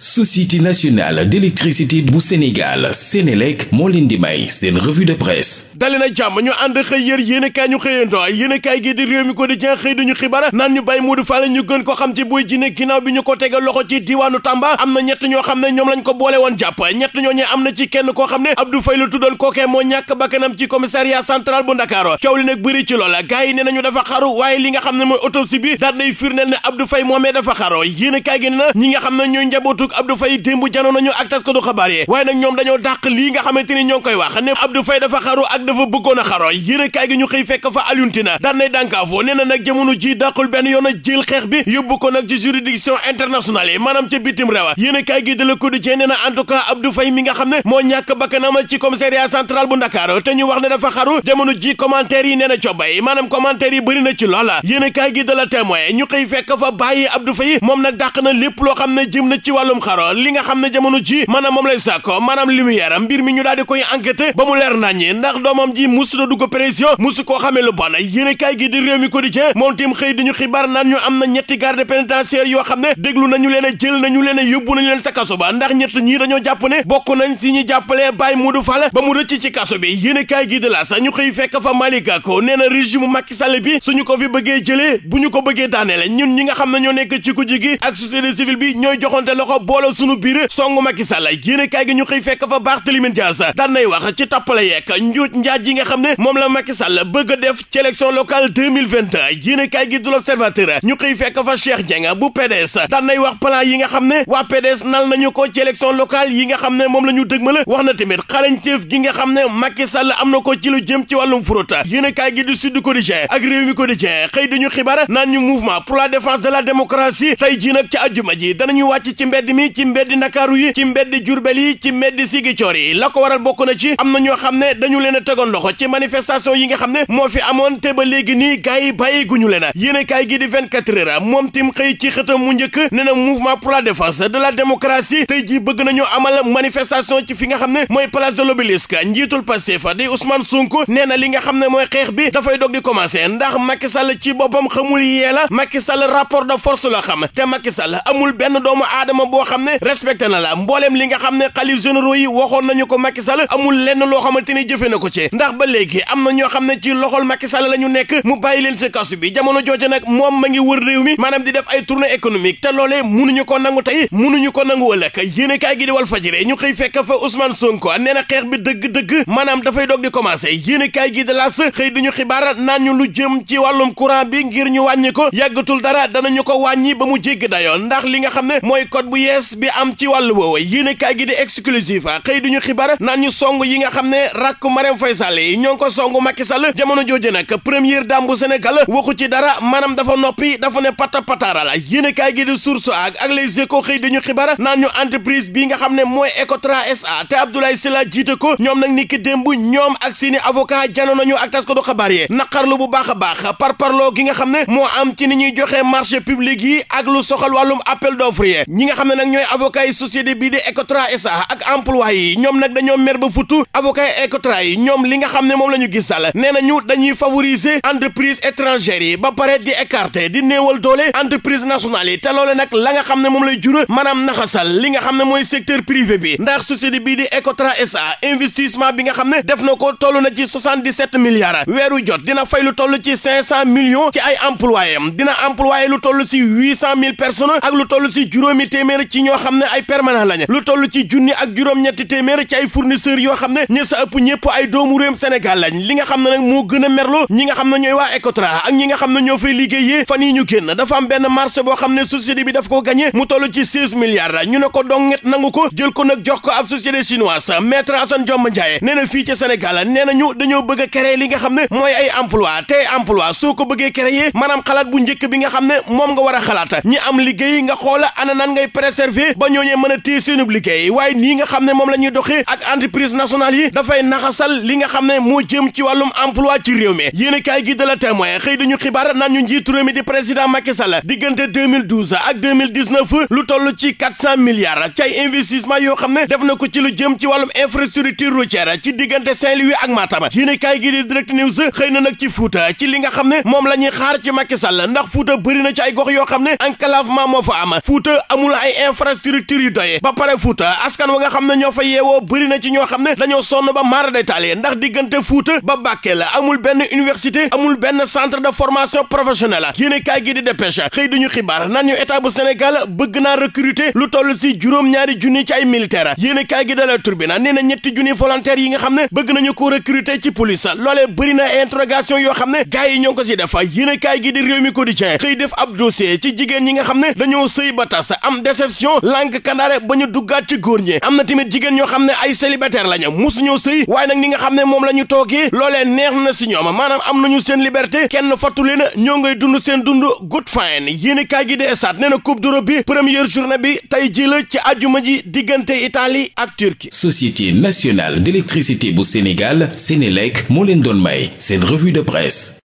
société nationale d'électricité bu Sénégal Sénélec moo leen di may seen revue de presse dali na jàmm ñu ànd xëy yër yéenekaay ñu xëyanto yéenekaay gi di réew mi ko di jeex xëy duñu xibaar naan ñu Baye Modou Fall ñu gën ko xam ci Boy Djiné ginnaaw bi ñu ko tegal loxo ci diwaanu Tamba am na ñett ñoo xam ne ñoom lañ ko boole woon jàpp ñett ñoo ñee am na ci kenn koo xam ne Abdou Faye la tuddoon kookee moo ñàkk bakkanam ci commissariat central bu Ndakaaru ab Abdou Faye démb janoo nañu ak tas ko du xabaar yi waaye nag ñoom dañoo dàq lii nga xamante ni ñoo ngi koy wax ne Abdou Faye dafa xaru ak dafa bëggoon a xaro yéenekaay gi ñu xëy fekk fa Alioune Tine daan nay dànkaafoo nee na nag jamono ji dàqul benn yoon a jël xeex bi yóbbu ko nag ci juridiction internationale yi maanaam ca bitim réew yéenekaay gi de Le Quotidien nee na en tout cas Abdou mi nga xam ne moo ñàkk bakkanam ci commissariat central bu Ndakaaru te ñu wax ne dafa xaru jamono ji commentaire yi nee na cobay maanaam commentaire yi bëri na ci loola yéenekaay gi de La Témoin ñu xëy fekk fa na lépp loo xam ne jëm na ci wàllum mbirum xaro li nga xam ne jamono ji maanaam moom lay sàkko maanaam li mu yaram mbir mi ñu daal koy enquêté ba mu leer naññi ndax doomam ji musu dugg pression musu koo xamee lu bon yéene kaay gi di réew mi quotidien moom tim xëy di ñu xibaar naan am na ñetti garde pénitentiaire yoo xam ne déglu nañu leen a jël nañu leen a yóbbu nañu leen sa kaso ba ndax ñett ñii dañoo jàpp ne bokk nañ si ñu jàppale Baye Modou Fall ba mu rëcc ci kaso bi yéene kaay gi di la sa ñu booloo sunu biir songu Macky Sall yéen kaay gi ñu xëy fekk fa Barthélémy Dias daan nay wax ci tappale yeeg njuuj njaaj yi nga xam ne moom la Macky Sall bëgg a def ci élection locale 2022 yéen kaay gi du l'Observateur ñu xëy fekk fa Cheikh Dieng bu PDS daan nay wax plan yi nga xam ne waa PDS nal nañu ko ci élection locale yi nga xam ne moom la ñu dëgmal wax na tamit xarañteef gi nga xam ne Macky Sall am na ko ci lu jëm ci wàllum fraude yéen kaay gi du Sud Quotidien ak Rewmi jii nag ci àjjuma ji danañu wàcc ci mbedd mi mi ci mbeddi ndakaaru yi ci mbeddi jurbel yi ci mbeddi sigicoor yi la ko waral bokk na ci am na ñoo xam ne dañu leen a tegoon loxo ci manifestation yi nga xam ne moo fi amoon te ba léegi nii gars yi bàyyi leen a yéen kaay gi di 24 heures moom tim xëy ci xëtam mu njëkk ne na mouvement pour la défense de la démocratie tey jii bëgg amal manifestation ci fi nga xam ne mooy place de l'obélisque njiitul Pastef di Ousmane Sonko nee na li nga xam ne mooy xeex bi dafay dog di commencer ndax Macky Sall ci boppam xamul yee la Macky Sall rapport de force la xam te Macky Sall amul benn doomu aadama woo xam ne respecté na la mbooleem li nga xam ne xalif généraux yi waxoon nañu ko Macky amul lenn loo xamante ni jëfe na ko ci ndax ba léegi am na ñoo xam ne ci loxol Macky Sall la ñu nekk mu bàyyi leen si kasu bi jamono jooje nag moom ma ngi wër réew mi maanaam di def ay tournée économique te loolee munuñu ko nangu tey ñu ko nangu ëllëg yéen kaay gi di wal fajire ñu xëy fekk fa Ousmane Sonko nee na xeex bi dëgg-dëgg maanaam dafay doog di commencé yéen kaay gi de laas xëy duñu xibaar naan ñu lu jëm ci wàllum courant bi ngir ñu wàññi ko yàggatul dara danañu ko wàññi ba mu jégg dayoon ndax li nga xam yees bi am ci wàllu woowu yéenekaay gi di exclusif xëy duñu xibaar naan ñu song yi nga xam ne rakk Marème Faye Sall yi ñoo ngi ko song Macky Sall jamono jooju nag première dame bu Sénégal waxu ci dara maanaam dafa noppi dafa ne pata pataara la kaa gi di source ak ak les échos xëy duñu xibaar naan ñu entreprise bi nga xam ne mooy Ecotra a te Abdoulaye Sylla jiite ko ñoom nag niki démb ñoom ak seeni avocat janoon nañu ak tas ko du xabaar yi naqarlu bu baax a baax par parloo gi nga xam ne moo am ci ni ñuy joxe marché public yi ak lu soxal wàllum appel d'offre yi nag ñooy avocat yi société bii di Ecotra SA ak emploi yi ñoom nag dañoo mer ba futu avocat yi yi ñoom li nga xam ne moom la ñu gis daal nee nañu dañuy favoriser entreprise étrangères yi ba pare di écarter di néewal doole entreprise nationale yi te loole nag la nga xam ne moom lay jur maanaam naxasal li nga xam ne mooy secteur privé bi ndax société bii di Ecotra SA investissement bi nga xam ne def na ko toll na ci 77 milliards weeru jot dina fay lu toll ci 500 millions ci ay employés dina employé lu toll si 800 000 personnes ak lu toll si juróomi ci ñoo xam ne ay permanent lañu lu toll ci junni ak juróom-ñetti téeméer ci ay fournisseurs yoo xam ne ña sa ëpp ñëpp ay doomu réewum Sénégal lañ li nga xam ne nag moo gën a merlu ñi nga xam ne ñooy waa Ecotra ak ñi nga xam ne ñoo fay liggéeyee fan yi ñu génn dafa am benn marché boo xam ne société bi daf ko gañe mu toll ci 16 milliards ñu ne ko donget nangu ko jël ko nag jox ko ab société chinoise maître Assane Diomba Ndiaye nee na fii ci Sénégal nee na dañoo bëgg a li nga xam ne mooy ay emploi te emploi soo ko bëggee créer maanaam bu njëkk bi nga xam ne moom nga war a xalaat ñi am liggéey nga xoola ana nan ngay pressé conservé ba ñooñee mën a téye seenub liggéey waaye nii nga xam ne moom la ñuy doxee ak entreprise nationale yi dafay naxasal li nga xam ne moo jëm ci wàllum emploi ci réew mi yéen kaay gi de la témoin xëy dañu xibaar naan ñu njiitu réew mi di président Macky Sall diggante 2012 ak 2019 lu toll ci 400 milliards ci ay investissement yoo xam ne def na ko ci lu jëm ci wàllum infrastructure routière ci diggante Saint-Louis ak Matam yéen kaay gi di xëy li nga xam ne moom la ñuy xaar ci Macky Sall ndax Fouta bëri na ci ay gox yoo xam ne enclavement moo fa am Fouta amul ay infrastructure yu doye ba pare Fuuta askan wa nga xam ne ñoo fa yeewoo bëri na ci ñoo xam ne dañoo sonn ba maara day taale ndax diggante Fuuta ba Bakel la amul benn université amul benn centre de formation professionnelle yéen kaay gi di dépêche xëy duñu xibaar nan ñu état bu Sénégal bëgg naa recruter lu toll si juróom-ñaari junni ci ay militaire yéen kaay gi da la turbina nee na ñetti junni volontaires yi nga xam ne bëgg nañu ko recruter ci police loolee bëri na interrogation yoo xam ne gars yi ñoo ngi si def yéen kaay gi di réew mi quotidien xëy def ab jigéen ñi nga xam ne dañoo sëy ba am prostitution lànk kandaare ba ñu duggaat ci góor ñi am na tamit jigéen ñoo xam ne ay célibataire la ñu musuñoo sëy waaye nag ni nga xam ne moom la ñu toogee loolee neex na si ñoom maanaam am nañu seen liberté kenn fattu leen ñoo ngay dund seen dund good fine yéen kaay gi de saat nee na coupe d'Europe bi première journée bi tey ji la ci àjjuma ji diggante Italie ak Turquie. Société nationale d'électricité bu Sénégal Sénélec moo leen doon may seen revue de presse.